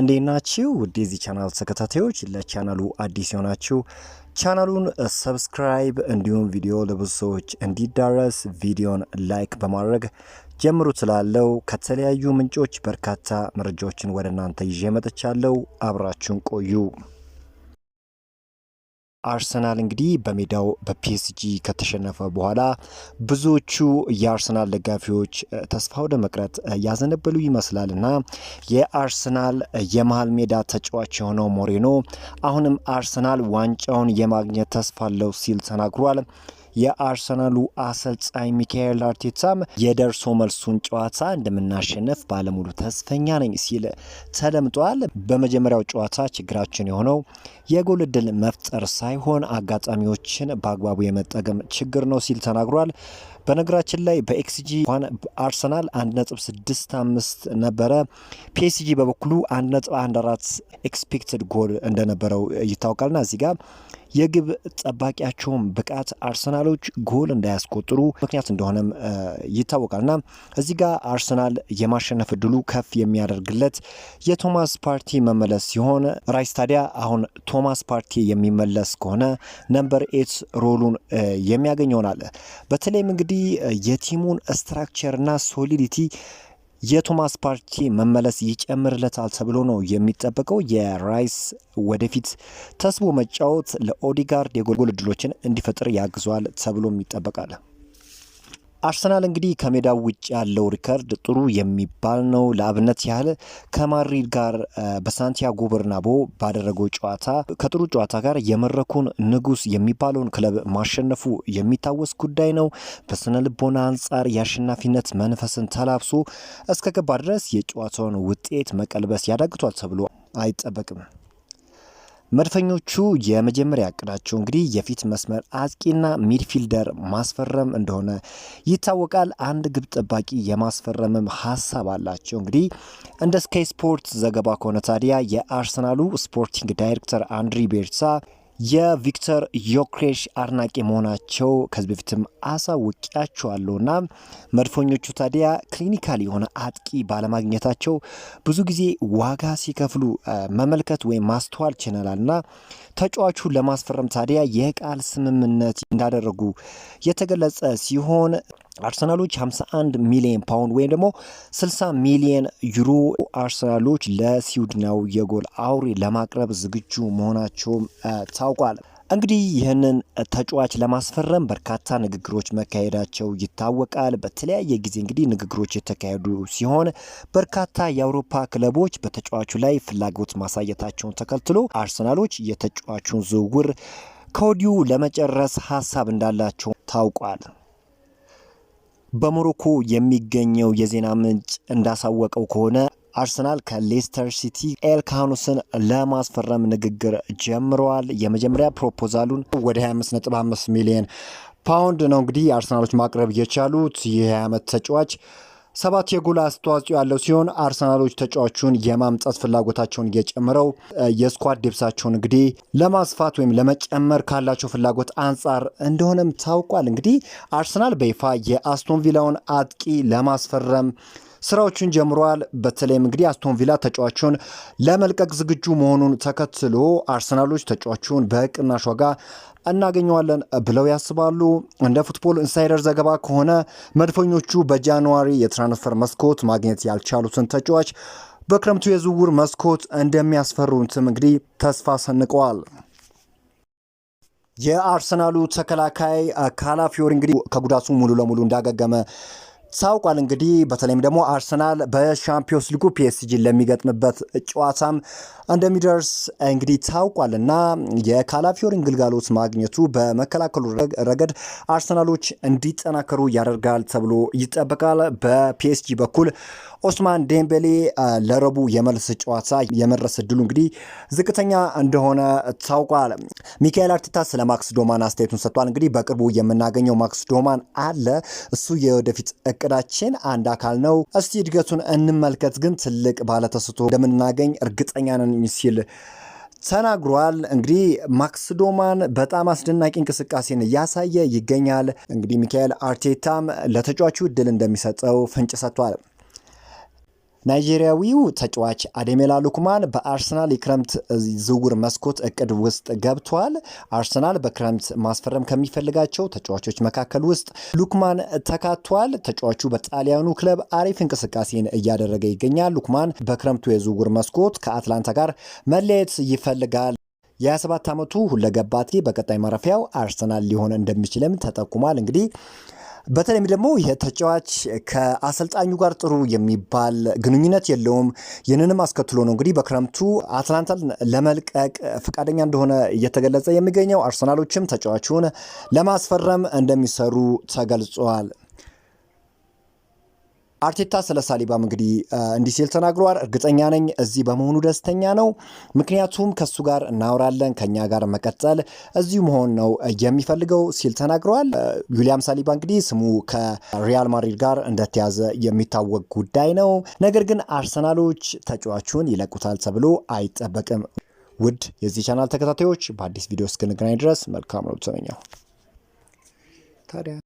እንዴት ናችሁ? ውድ የዚህ ቻናል ተከታታዮች፣ ለቻናሉ አዲስ የሆናችሁ ቻናሉን ሰብስክራይብ እንዲሁም ቪዲዮ ለብዙ ሰዎች እንዲዳረስ ቪዲዮን ላይክ በማድረግ ጀምሩ ትላለው። ከተለያዩ ምንጮች በርካታ መረጃዎችን ወደ እናንተ ይዤ መጥቻለሁ። አብራችሁን ቆዩ። አርሰናል እንግዲህ በሜዳው በፒኤስጂ ከተሸነፈ በኋላ ብዙዎቹ የአርሰናል ደጋፊዎች ተስፋ ወደ መቅረት ያዘነበሉ ይመስላል እና የአርሰናል የመሀል ሜዳ ተጫዋች የሆነው ሞሬኖ አሁንም አርሰናል ዋንጫውን የማግኘት ተስፋ አለው ሲል ተናግሯል። የአርሰናሉ አሰልጣኝ ሚካኤል አርቴታም የደርሶ መልሱን ጨዋታ እንደምናሸነፍ ባለሙሉ ተስፈኛ ነኝ ሲል ተደምጧል። በመጀመሪያው ጨዋታ ችግራችን የሆነው የጎል እድል መፍጠር ሳይሆን አጋጣሚዎችን በአግባቡ የመጠቀም ችግር ነው ሲል ተናግሯል። በነገራችን ላይ በኤክስጂ እንኳን አርሰናል 1.65 ነበረ። ፒኤስጂ በበኩሉ 1.14 ኤክስፔክትድ ጎል እንደነበረው ይታወቃልና እዚህ ጋር የግብ ጠባቂያቸውን ብቃት አርሰናሎች ጎል እንዳያስቆጥሩ ምክንያት እንደሆነም ና እዚህ ጋር አርሰናል የማሸነፍ እድሉ ከፍ የሚያደርግለት የቶማስ ፓርቲ መመለስ ሲሆን ራይስ ታዲያ አሁን ቶማስ ፓርቲ የሚመለስ ከሆነ ነምበር ኤት ሮሉን የሚያገኝ ይሆናል። በተለይም እንግዲህ የቲሙን ስትራክቸርና ሶሊዲቲ የቶማስ ፓርቲ መመለስ ይጨምርለታል ተብሎ ነው የሚጠበቀው። የራይስ ወደፊት ተስቦ መጫወት ለኦዲጋርድ የጎልጎል እድሎችን እንዲፈጥር ያግዟል ተብሎም ይጠበቃል። አርሰናል እንግዲህ ከሜዳው ውጭ ያለው ሪከርድ ጥሩ የሚባል ነው። ለአብነት ያህል ከማድሪድ ጋር በሳንቲያጎ በርናቦ ባደረገው ጨዋታ ከጥሩ ጨዋታ ጋር የመድረኩን ንጉስ የሚባለውን ክለብ ማሸነፉ የሚታወስ ጉዳይ ነው። በስነ ልቦና አንጻር የአሸናፊነት መንፈስን ተላብሶ እስከ ገባ ድረስ የጨዋታውን ውጤት መቀልበስ ያዳግቷል ተብሎ አይጠበቅም። መድፈኞቹ የመጀመሪያ እቅዳቸው እንግዲህ የፊት መስመር አጥቂና ሚድፊልደር ማስፈረም እንደሆነ ይታወቃል። አንድ ግብ ጠባቂ የማስፈረምም ሀሳብ አላቸው። እንግዲህ እንደ ስካይ ስፖርት ዘገባ ከሆነ ታዲያ የአርሰናሉ ስፖርቲንግ ዳይሬክተር አንድሪ ቤርሳ የቪክተር ዮክሬሽ አድናቂ መሆናቸው ከዚህ በፊትም አሳውቂያቸዋለሁና መድፈኞቹ ታዲያ ክሊኒካል የሆነ አጥቂ ባለማግኘታቸው ብዙ ጊዜ ዋጋ ሲከፍሉ መመልከት ወይም ማስተዋል ና ተጫዋቹ ለማስፈረም ታዲያ የቃል ስምምነት እንዳደረጉ የተገለጸ ሲሆን አርሰናሎች 51 ሚሊዮን ፓውንድ ወይም ደግሞ 60 ሚሊዮን ዩሮ አርሰናሎች ለስዊድናዊ የጎል አውሪ ለማቅረብ ዝግጁ መሆናቸውም ታውቋል። እንግዲህ ይህንን ተጫዋች ለማስፈረም በርካታ ንግግሮች መካሄዳቸው ይታወቃል። በተለያየ ጊዜ እንግዲህ ንግግሮች የተካሄዱ ሲሆን በርካታ የአውሮፓ ክለቦች በተጫዋቹ ላይ ፍላጎት ማሳየታቸውን ተከትሎ አርሰናሎች የተጫዋቹን ዝውውር ከወዲሁ ለመጨረስ ሀሳብ እንዳላቸው ታውቋል። በሞሮኮ የሚገኘው የዜና ምንጭ እንዳሳወቀው ከሆነ አርሰናል ከሌስተር ሲቲ ኤልካኑስን ለማስፈረም ንግግር ጀምረዋል። የመጀመሪያ ፕሮፖዛሉን ወደ 25.5 ሚሊዮን ፓውንድ ነው እንግዲህ አርሰናሎች ማቅረብ የቻሉት ይህ ዓመት ተጫዋች ሰባት የጎል አስተዋጽኦ ያለው ሲሆን አርሰናሎች ተጫዋቹን የማምጣት ፍላጎታቸውን እየጨምረው የስኳድ ዴፕሳቸውን እንግዲህ ለማስፋት ወይም ለመጨመር ካላቸው ፍላጎት አንጻር እንደሆነም ታውቋል። እንግዲህ አርሰናል በይፋ የአስቶን ቪላውን አጥቂ ለማስፈረም ስራዎችን ጀምሯል። በተለይም እንግዲህ አስቶን ቪላ ተጫዋቹን ለመልቀቅ ዝግጁ መሆኑን ተከትሎ አርሰናሎች ተጫዋቹን በቅናሽ ዋጋ እናገኘዋለን ብለው ያስባሉ። እንደ ፉትቦል ኢንሳይደር ዘገባ ከሆነ መድፈኞቹ በጃንዋሪ የትራንስፈር መስኮት ማግኘት ያልቻሉትን ተጫዋች በክረምቱ የዝውውር መስኮት እንደሚያስፈሩትም እንግዲህ ተስፋ ሰንቀዋል። የአርሰናሉ ተከላካይ ካላፊዮሪ እንግዲህ ከጉዳቱ ሙሉ ለሙሉ እንዳገገመ ታውቋል። እንግዲህ በተለይም ደግሞ አርሰናል በሻምፒዮንስ ሊጉ ፒኤስጂን ለሚገጥምበት ጨዋታም እንደሚደርስ እንግዲህ ታውቋል እና የካላፊዮሪን ግልጋሎት ማግኘቱ በመከላከሉ ረገድ አርሰናሎች እንዲጠናከሩ ያደርጋል ተብሎ ይጠበቃል። በፒኤስጂ በኩል ኦስማን ዴምቤሌ ለረቡ የመልስ ጨዋታ የመድረስ እድሉ እንግዲህ ዝቅተኛ እንደሆነ ታውቋል። ሚካኤል አርቴታ ስለ ማክስ ዶማን አስተያየቱን ሰጥቷል። እንግዲህ በቅርቡ የምናገኘው ማክስ ዶማን አለ እሱ የወደፊት እቅዳችን አንድ አካል ነው። እስቲ እድገቱን እንመልከት፣ ግን ትልቅ ባለተስቶ እንደምናገኝ እርግጠኛ ነን ሲል ተናግሯል። እንግዲህ ማክስዶማን በጣም አስደናቂ እንቅስቃሴን እያሳየ ይገኛል። እንግዲህ ሚካኤል አርቴታም ለተጫዋቹ እድል እንደሚሰጠው ፍንጭ ሰጥቷል። ናይጄሪያዊው ተጫዋች አዴሜላ ሉክማን በአርሰናል የክረምት ዝውውር መስኮት እቅድ ውስጥ ገብቷል። አርሰናል በክረምት ማስፈረም ከሚፈልጋቸው ተጫዋቾች መካከል ውስጥ ሉክማን ተካቷል። ተጫዋቹ በጣሊያኑ ክለብ አሪፍ እንቅስቃሴን እያደረገ ይገኛል። ሉክማን በክረምቱ የዝውውር መስኮት ከአትላንታ ጋር መለየት ይፈልጋል። የ27 ዓመቱ ሁለገባቴ በቀጣይ ማረፊያው አርሰናል ሊሆን እንደሚችልም ተጠቁሟል። እንግዲህ በተለይም ደግሞ ይህ ተጫዋች ከአሰልጣኙ ጋር ጥሩ የሚባል ግንኙነት የለውም። ይህንንም አስከትሎ ነው እንግዲህ በክረምቱ አትላንታን ለመልቀቅ ፈቃደኛ እንደሆነ እየተገለጸ የሚገኘው። አርሰናሎችም ተጫዋቹን ለማስፈረም እንደሚሰሩ ተገልጿል። አርቴታ ስለ ሳሊባም እንግዲህ እንዲህ ሲል ተናግረዋል። እርግጠኛ ነኝ እዚህ በመሆኑ ደስተኛ ነው፣ ምክንያቱም ከሱ ጋር እናወራለን፣ ከኛ ጋር መቀጠል፣ እዚሁ መሆን ነው የሚፈልገው ሲል ተናግረዋል። ዊሊያም ሳሊባ እንግዲህ ስሙ ከሪያል ማድሪድ ጋር እንደተያዘ የሚታወቅ ጉዳይ ነው። ነገር ግን አርሰናሎች ተጫዋቹን ይለቁታል ተብሎ አይጠበቅም። ውድ የዚህ ቻናል ተከታታዮች በአዲስ ቪዲዮ እስክንገናኝ ድረስ መልካም ነው ታዲያ